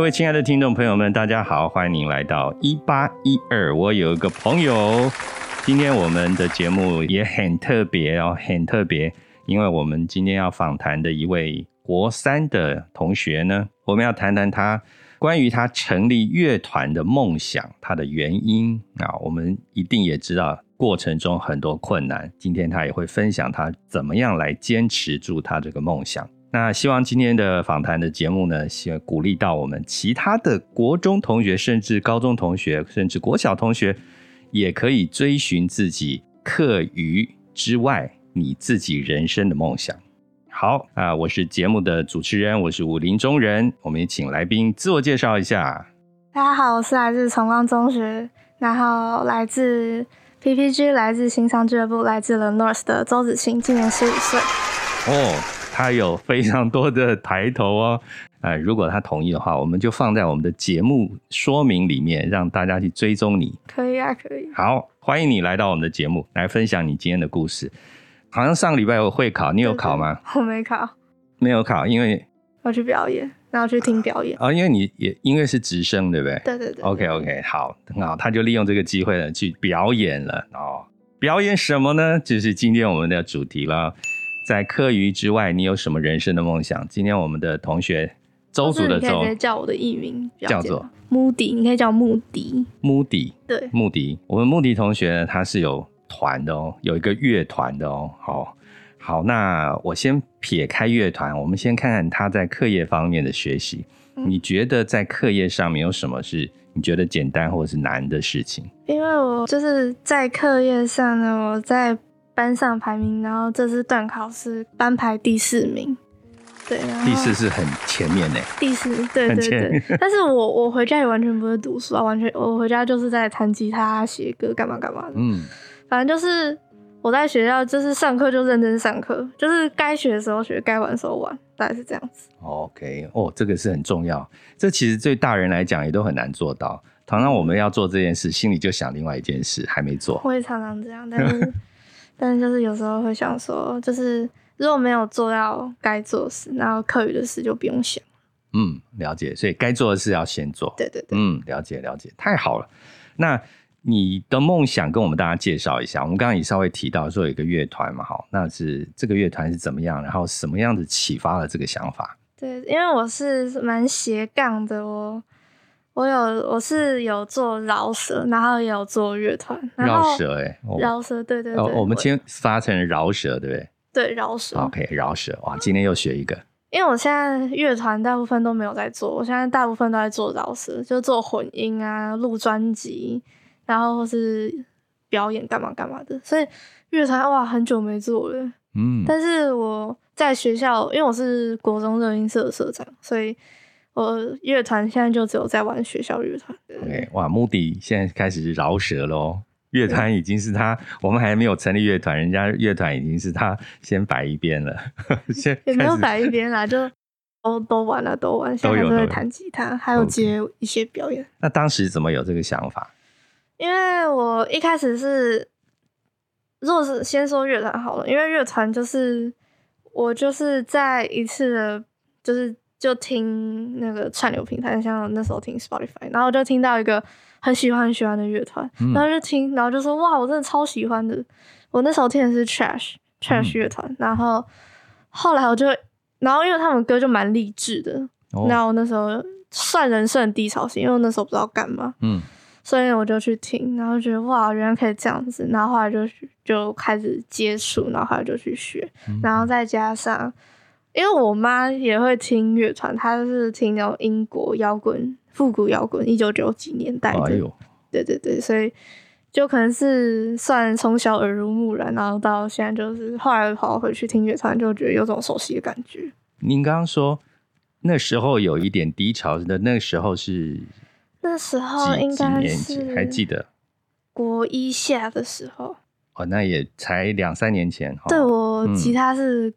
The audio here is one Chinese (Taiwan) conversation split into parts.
各位親愛的聽眾朋友們，大家好，歡迎您來到一八一二。我有一個朋友，今天我們的節目也很特別哦，很特別，因為我們今天要訪談的一位國三的同學呢，我們要談談他關於他成立樂團的夢想，他的原因啊，我們一定也知道過程中很多困難。今天他也會分享他怎麼樣來堅持住他這個夢想。那希望今天的訪談的節目呢，先鼓勵到我們其他的國中同學，甚至高中同學，甚至國小同學，也可以追尋自己課餘之外你自己人生的夢想。好啊，那我是節目的主持人，我是武林中人。我們也請來賓自我介紹一下。大家好，我是來自崇光中學，然後來自 PPG，來自心傷俱樂部，來自 The North 的鄒子晴，今年十五歲。哦。他有非常多的抬頭哦，哎，如果他同意的話，我們就放在我們的節目說明裡面，讓大家去追蹤你。可以啊，可以。好，歡迎你來到我們的節目，來分享你今天的故事。好像上禮拜有會考，你有考嗎？對對對，我沒考，沒有考，因為要去表演，然後去聽表演。啊、哦，因為你也因為是直升，對不對？對對對，對，對。OK OK，好，那他就利用這個機會呢去表演了哦。表演什麼呢？就是今天我們的主題啦。在課餘之外，你有什麼人生的夢想？今天我們的同學、哦、鄒族的鄒，叫我的藝名叫做穆迪，你可以，可以叫，叫，Moodie, 可以叫穆迪。穆迪，對，穆迪。我們穆迪同學呢，他是有團的哦，有一個樂團的哦。好好，那我先撇開樂團，我們先看看他在課業方面的學習。你覺得在課業上面有什麼是你覺得簡單或者是難的事情？因為我就是在課業上呢，我在。班上排名，然後這次段考是班排第四名，對，然後第四是很前面耶。第四，對對對。但是我，我我回家也完全不會讀書啊，完全我回家就是在彈吉他、寫歌、幹嘛幹嘛的。嗯，反正就是我在學校就是上課就認真上課，就是該學的時候學，該玩的時候玩，大概是這樣子。OK，哦，這個是很重要，這其實對大人來講也都很難做到。常常我們要做這件事，心裡就想另外一件事，還沒做。我也常常這樣，但是。 但是就是有時候會想說，就是如果沒有做到該做的事，然後課餘的事就不用想。嗯，了解。所以該做的事要先做。對對對。嗯，了解了解，太好了。那你的夢想跟我們大家介紹一下。我們剛剛也稍微提到說有一個樂團嘛，哈，那是這個樂團是怎麼樣？然後什麼樣子啟發了這個想法？對，因為我是蠻斜槓的哦。我有，我是有做饒舌，然後也有做樂團。饒舌哎、欸，饒、哦、舌對對對。哦對哦對哦、我們今天發成饒舌，對不對？對，饒舌。OK，饒舌哇，今天又學一個、嗯。因為我現在樂團大部分都沒有在做，我現在大部分都在做饒舌，就做混音啊、錄專輯，然後或是表演幹嘛幹嘛的。所以樂團哇，很久沒做了。嗯。但是我在學校，因為我是國中熱音社的社長，所以。我樂團現在就只有在玩學校樂團。O、okay, K，哇，目的現在開始饒舌咯。樂團已經是他，我們還沒有成立樂團，人家樂團已經是他先擺一邊了， 先也沒有擺一邊啦，就都、 哦、都玩了、啊，都玩，現在都在彈吉他，還有接一些表演。那當時怎麼有這個想法？因為我一開始是，如果是先說樂團好了，因為樂團就是我就是在一次就是。就聽那個串流平台，像那時候聽 Spotify，然後我就聽到一個很喜歡很喜歡的樂團，嗯、然後就聽，然後就說哇，我真的超喜歡的。我那時候聽的是 Trash Trash 樂團，嗯、然後後來我就，然後因為他們歌就蠻勵志的，哦、然後我那時候算人生低潮期，因為我那時候不知道幹嘛，嗯，所以我就去聽，然後覺得哇，原來可以這樣子，然後後來就就開始接觸，然後後來就去學，然後再加上。嗯因為我媽也會聽樂團，她是聽到英國搖滾、復古搖滾，一九九幾年代的、哦哎。對對對，所以就可能是算從小耳濡目染，然後到現在就是後來跑回去聽樂團，就覺得有種熟悉的感覺。您剛剛說那時候有一點低潮的，那個時候是，那時候應該是，還記得國一下的時候哦，那也才兩三年前。哦、對，我吉他是。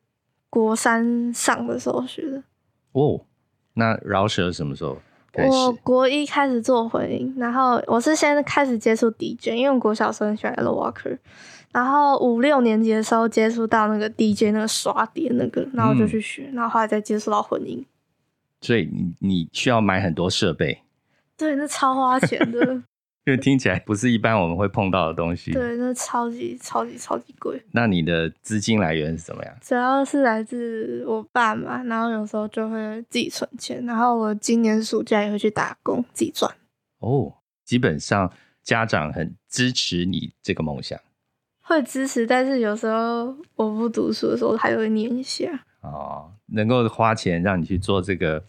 國三上的時候學的。哦，那饒舌什麼時候？我國一開始做混音，然後我是先開始接觸 DJ，因為我小時候很喜歡、Ello、Walker，然後五六年級的時候接觸到那個 DJ 那個刷碟那個，然後我就去學、嗯，然後後來再接觸到混音。所以你你需要買很多設備。對，那超花錢的。 因為聽起來不是一般我們會碰到的東西，對，那超級超級超級貴。那你的資金來源是怎麼樣？主要是來自我爸嘛，然後有時候就會自己存錢，然後我今年暑假也會去打工自己賺。哦，基本上家長很支持你這個夢想，會支持，但是有時候我不讀書的時候，他就會念一下。哦，能夠花錢讓你去做這個。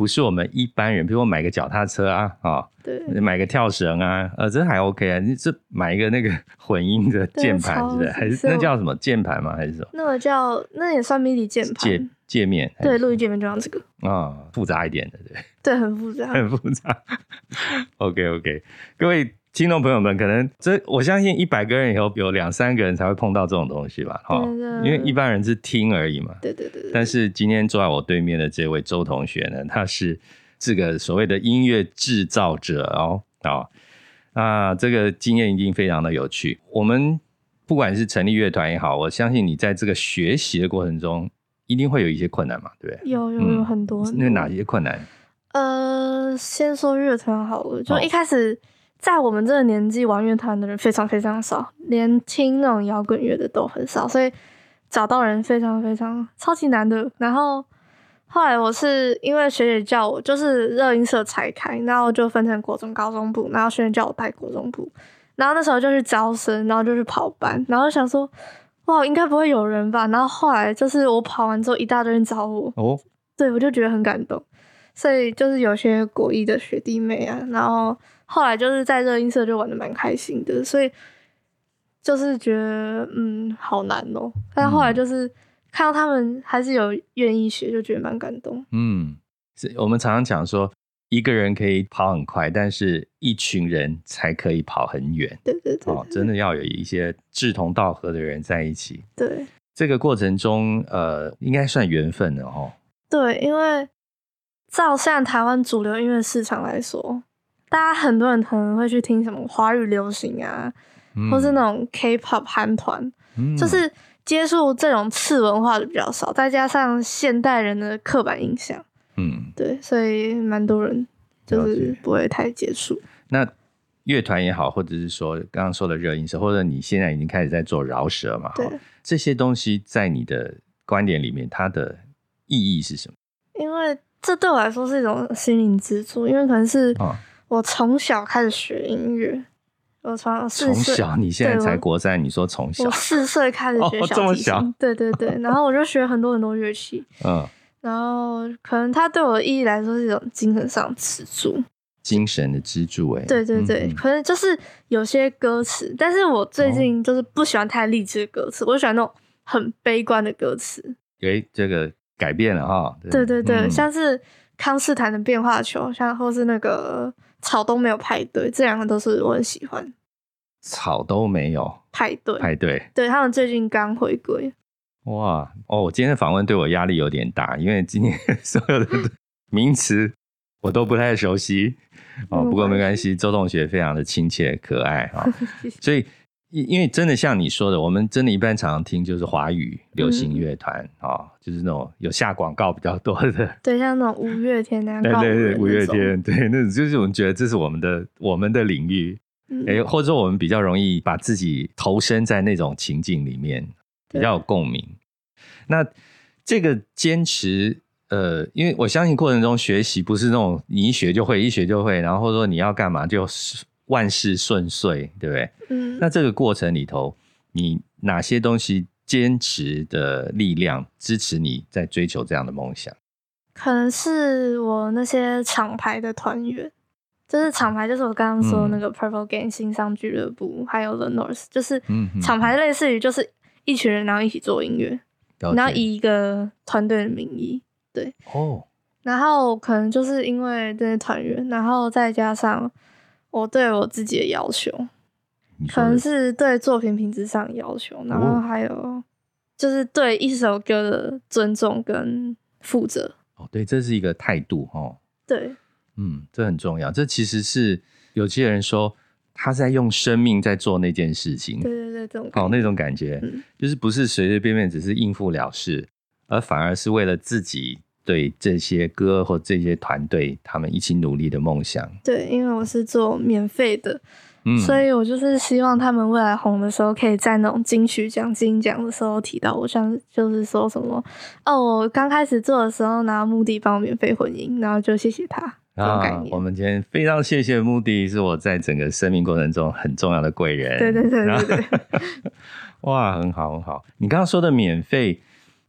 不是我們一般人，比如我買個腳踏車啊，啊、喔，對，買個跳繩啊，呃，這還 OK 啊。你這買一個那個混音的鍵盤，還是，是那叫什麼鍵盤嗎？還是什麼？那叫那也算 MIDI 鍵盤界界面？對，錄音界面就要這個啊、哦，複雜一點的，對，對，很複雜，很複雜。 OK，OK，okay, okay. 各位。聽眾朋友們，可能這我相信一百個人以後有兩三個人才會碰到這種東西吧，哈、哦，因為一般人是聽而已嘛。對對對，但是今天坐在我對面的這位鄒同學呢，他是這個所謂的音樂制造者哦，啊，這個經驗一定非常的有趣。我們不管是成立樂團也好，我相信你在這個學習的過程中一定會有一些困難嘛，對不對？有有、嗯、有很多。那哪些困難？呃，先說樂團好了，就一開始。哦在我們這個年紀玩樂團的人非常非常少，連聽那種搖滾樂的都很少，所以找到人非常非常超級難的。然後後來我是因為學姐叫我，就是熱音社才開，然後就分成國中、高中部，然後學姐叫我帶國中部，然後那時候就去招生，然後就去跑班，然後想說哇，應該不會有人吧？然後後來就是我跑完之後，一大堆人找我，哦，對我就覺得很感動，所以就是有些國一的學弟妹啊，然後。後來就是在熱音社就玩的蠻開心的，所以就是覺得嗯好難哦、喔，但後來就是、嗯、看到他們還是有願意學，就覺得蠻感動。嗯，是我們常常講說一個人可以跑很快，但是一群人才可以跑很遠。對對對，對、喔，真的要有一些志同道合的人在一起。對，這個過程中呃應該算緣分的哦、喔。對，因為照現在台灣主流音樂市場來說。大家很多人可能會去聽什麼華語流行啊，嗯、或是那種 K-pop 韓團、嗯，就是接觸這種次文化的比較少，再加上現代人的刻板印象，嗯，對，所以蠻多人就是不會太接觸。那樂團也好，或者是說剛剛說的熱音社，或者你現在已經開始在做饒舌嘛，對，這些東西在你的觀點裡面，它的意義是什麼？因為這對我來說是一種心靈支柱，因為可能是、哦我從小開始學音樂，我從從小，從小，你現在才國三，你說從小，我四歲開始學小提琴，哦，這麼小，對對對，然後我就學很多很多樂器，嗯，然後可能它對我的意義來說是一種精神上的支柱，精神的支柱，哎，對對對，嗯嗯，可能就是有些歌詞，但是我最近就是不喜歡太勵志的歌詞，我喜歡那種很悲觀的歌詞，給、欸、這個改變了哈，對對對嗯嗯，像是康斯坦的變化球，像或是那個。草都沒有派對，這兩個都是我很喜歡。草都沒有派對派對，對他們最近剛回歸。哇哦，今天的訪問對我壓力有點大，因為今天所有的名詞我都不太熟悉。哦， 不過沒關係，鄒同學非常的親切可愛 所以。因因為真的像你說的，我們真的一般常常聽就是華語流行樂團啊，就是那種有下廣告比較多的。對，像那種五月天那樣的那。對對對，五月天，對，那種就是我們覺得這是我們的我們的領域。嗯欸、或者說我們比較容易把自己投身在那種情境裡面，比較有共鳴。那這個堅持，呃，因為我相信過程中學習不是那種你一學就會，一學就會，然後或者說你要幹嘛就是。萬事順遂，對不對？嗯。那這個過程裡頭，你哪些東西堅持的力量支持你在追求這樣的夢想？可能是我那些廠牌的團員，就是廠牌，就是我剛剛說那個 Purple Gang 心傷俱樂部、嗯，還有 The North，就是廠牌，類似於就是一群人，然後一起做音樂，然後以一個團隊的名義，對。哦。然後可能就是因為這些團員，然後再加上。我對我自己的要求，可能是對作品品質上的要求，然後還有就是對一首歌的尊重跟負責。哦，對，這是一個態度，哈。對，嗯，這很重要。這其實是有些人說，他在用生命在做那件事情。對對對，這種感覺，哦，那種感覺，嗯，就是不是隨隨便便，只是應付了事，而反而是為了自己對這些歌或這些團隊，他們一起努力的夢想。對，因為我是做免費的、嗯，所以我就是希望他們未來紅的時候，可以在那種金曲獎、金獎的時候提到我，像就是說什麼哦，我剛開始做的時候拿目的幫我免費混音，然後就謝謝他。啊這種概念，我們今天非常謝謝目的，是我在整個生命過程中很重要的貴人。對對對對對。 哇，很好很好。你剛剛說的免費。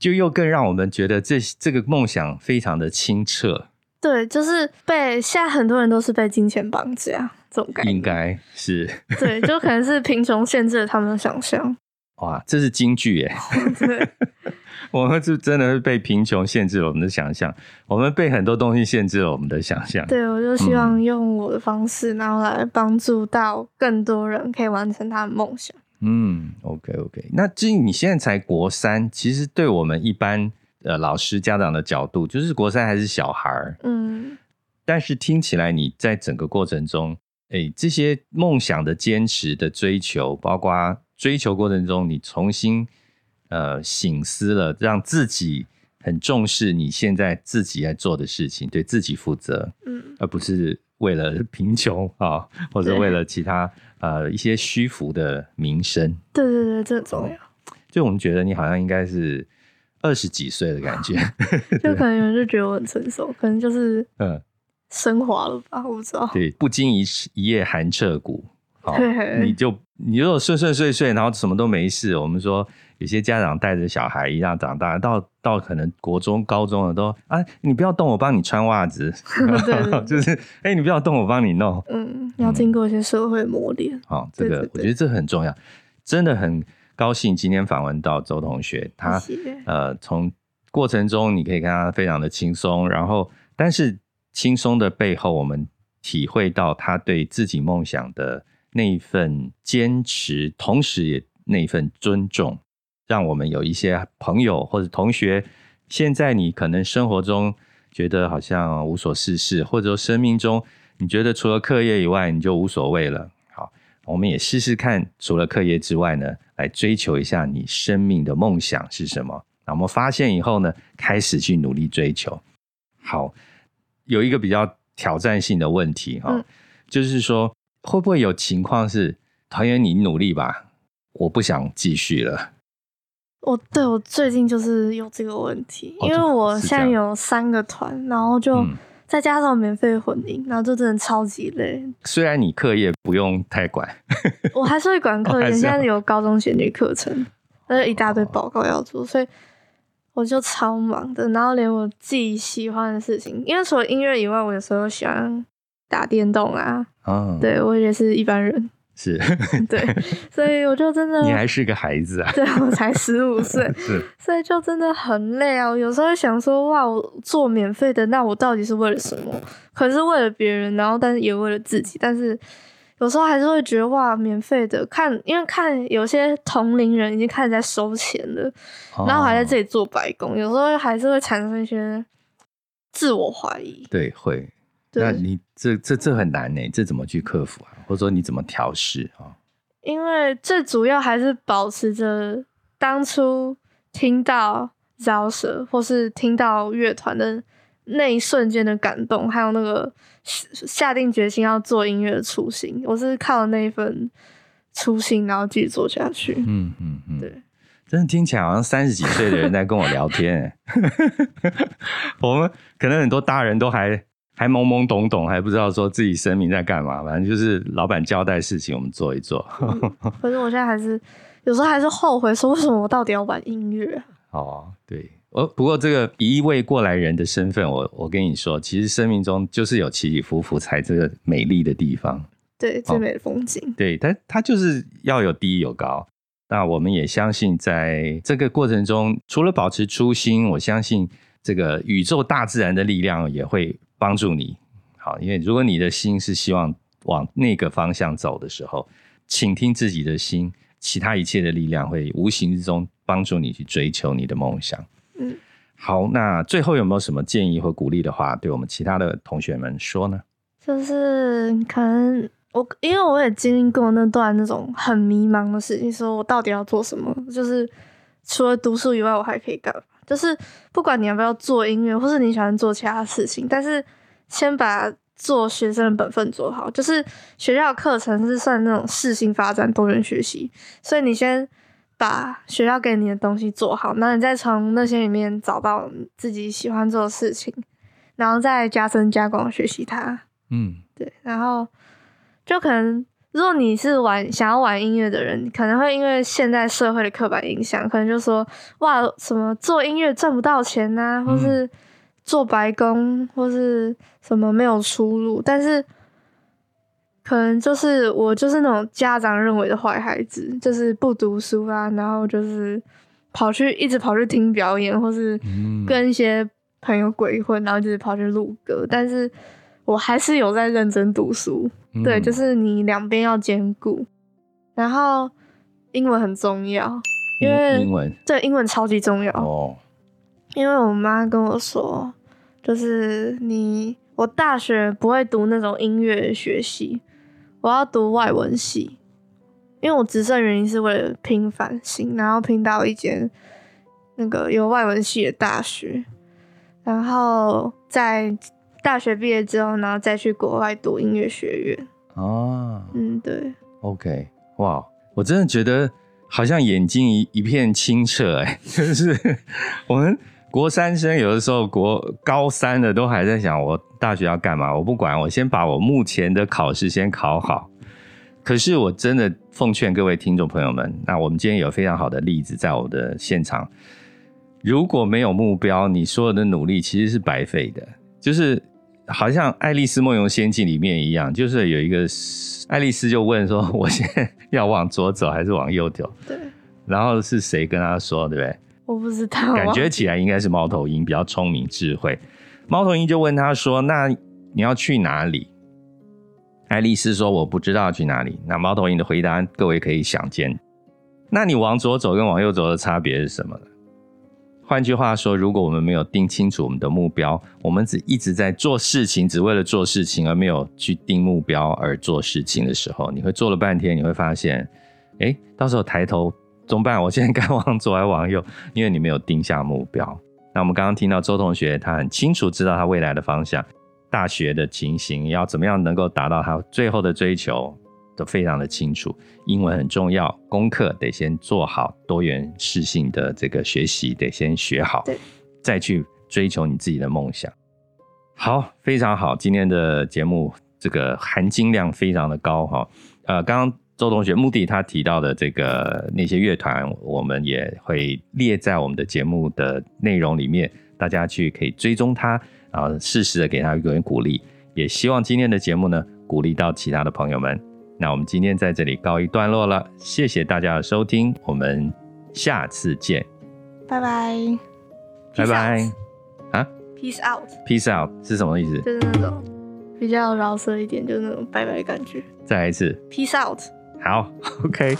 就又更讓我們覺得這這個夢想非常的清澈。對，就是被現在很多人都是被金錢綁架，這種感覺。應該是。 對，就可能是貧窮限制了他們的想象。哇，這是金句耶、欸！ 我們是真的是被貧窮限制了我們的想象，我們被很多東西限制了我們的想象。對，我就希望用我的方式，然後來幫助到更多人，可以完成他的夢想。嗯嗯，OK OK，那至於你現在才國三，其實對我們一般呃老師家長的角度，就是國三還是小孩兒，嗯，但是聽起來你在整個過程中，哎、欸，這些夢想的堅持的追求，包括追求過程中你重新呃省思了，讓自己很重視你現在自己在做的事情，對自己負責，嗯，而不是。為了貧窮啊，或者為了其他呃一些虛浮的名聲，對對對，這種、oh. 就我們覺得你好像應該是二十幾歲的感覺， 就可能有人就覺得我很成熟， 可能就是嗯昇華了吧、嗯，我不知道。對，不經一事，一夜寒徹骨。好，你就你如果順順遂遂，然後什麼都沒事。我們說有些家長帶着小孩一樣長大，到到可能國中、高中了都啊，你不要動，我幫你穿襪子。對 就是哎、欸，你不要動，我幫你弄。嗯，嗯要經過一些社會磨練。好，這個我覺得這個很重要。真的很高興今天訪問到鄒同學，他謝謝呃，從過程中你可以看他非常的輕鬆，然後但是輕鬆的背後，我們體會到他對自己夢想的。那一份堅持，同時也那一份尊重，讓我們有一些朋友或者同學，現在你可能生活中覺得好像無所事事，或者說生命中你覺得除了課業以外你就無所謂了。好，我們也試試看，除了課業之外呢，來追求一下你生命的夢想是什麼？那我們發現以後呢，開始去努力追求。好，有一個比較挑戰性的問題哈，嗯，就是說。會不會有情況是團員你努力吧，我不想繼續了。我對，我最近就是有這個問題，哦、因為我現在有三個團，然後就再加上免費混音，然後就真的超級累。雖然你課業不用太管， 我還是會管課業。現在有高中選修課程，而且一大堆報告要做，哦，所以我就超忙的。然後連我自己喜歡的事情，因為除了音樂以外，我有時候喜歡。打電動啊，oh. 對，我也是一般人，是， 對，所以我就真的，你還是個孩子啊，對，我才十五歲，所以就真的很累啊。我有時候會想說，哇，我做免費的，那我到底是為了什麼？可是為了別人，然後但是也為了自己，但是有時候還是會覺得，哇，免費的看，因為看有些同齡人已經開始在收錢了，oh. 然後還在這裡做白工，有時候還是會產生一些自我懷疑，對，會。那你這這這，這很難呢，這怎麼去克服啊？或者說你怎麼調適啊？因為最主要還是保持着當初聽到饒舌或是聽到樂團的那一瞬間的感動，還有那個下下定決心要做音樂的初心。我是靠那一份初心，然後繼續做下去。嗯嗯嗯，對，真的聽起來好像三十幾歲的人在跟我聊天。 我們可能很多大人都還。還懵懵懂懂，還不知道說自己生命在幹嘛，反正就是老闆交代事情，我們做一做，嗯。可是我現在還是 有時候還是後悔，說為什麼我到底要玩音樂？哦，對，呃，不過這個一位過來人的身份，我我跟你說，其實生命中就是有起起伏伏才這個美麗的地方，對，最美的風景，哦，對，但它，它就是要有低有高。那我們也相信，在這個過程中，除了保持初心，我相信，這個宇宙、大自然的力量也會幫助你。好，因為如果你的心是希望往那個方向走的時候，傾聽自己的心，其他一切的力量會無形之中幫助你去追求你的夢想。嗯，好，那最後有沒有什麼建議或鼓勵的話，對我們其他的同學們說呢？就是可能我因為我也經歷過那段那種很迷茫的事情，就是、說我到底要做什麼？就是除了讀書以外，我還可以幹。就是不管你要不要做音樂，或是你喜歡做其他事情，但是先把做學生的本分做好。就是學校課程是算那種適性發展多元學習，所以你先把學校給你的東西做好，那你再從那些裡面找到自己喜歡做的事情，然後再加深加工學習它。嗯，對，然後就可能。如果你是玩想要玩音樂的人，可能會因為現代社會的刻板印象，可能就說，哇，什麼做音樂賺不到錢啊，或是做白工，或是什麼沒有出路。但是，可能就是我就是那種家長認為的壞孩子，就是不讀書啊，然後就是跑去一直跑去聽表演，或是跟一些朋友鬼混，然後就是跑去錄歌，但是。我還是有在認真讀書，嗯、對，就是你兩邊要兼顧，然後英文很重要，因為這英，英文超級重要哦。因為我媽跟我說，就是你我大學不會讀那種音樂學習，我要讀外文系，因為我直升原因是為了拼繁星，然後拼到一間那個有外文系的大學，然後在，大學畢業之後，然後再去國外讀音樂學院啊。嗯，對。OK，哇，我真的覺得好像眼睛一一片清澈哎， 就是我們國三生有的時候，國高三的都還在想我大學要幹嘛，我不管，我先把我目前的考試先考好。可是我真的奉勸各位聽眾朋友們，那我們今天有非常好的例子在我的現場，如果沒有目標，你所有的努力其實是白費的，就是。好像《愛麗絲夢遊仙境》裡面一樣，就是有一個愛麗絲就問說：“我現在要往左走還是往右走？”對。然後是誰跟他說？對不對？我不知道。感覺起來應該是貓頭鷹比較聰明智慧。貓頭鷹就問他說：“那你要去哪裡？”愛麗絲說：“我不知道去哪裡。”那貓頭鷹的回答各位可以想見。那你往左走跟往右走的差別是什麼呢？換句話說，如果我們沒有定清楚我們的目標，我們只一直在做事情，只為了做事情而沒有去定目標而做事情的時候，你會做了半天，你會發現，哎、欸，到時候抬頭怎麼辦？我現在該往左還是往右？因為你沒有定下目標。那我們剛剛聽到鄒同學，他很清楚知道他未來的方向，大學的情形要怎麼樣能夠達到他最後的追求。非常的清楚，英文很重要，功課得先做好，多元適性的這個學習得先學好，對，再去追求你自己的夢想。好，非常好，今天的節目這個含金量非常的高哈。呃，剛剛鄒同學目的他提到的這個那些樂團，我們也會列在我們的節目的內容裡面，大家去可以追蹤他，然後適時的給他一點鼓勵。也希望今天的節目呢，鼓勵到其他的朋友們。那我們今天在這裡告一段落了，謝謝大家的收聽，我們下次見，拜拜、啊，拜拜啊，peace out，peace out 是什麼意思？就是那種比較饒舌一點，就是那種拜拜的感覺。再來一次，peace out，好，OK。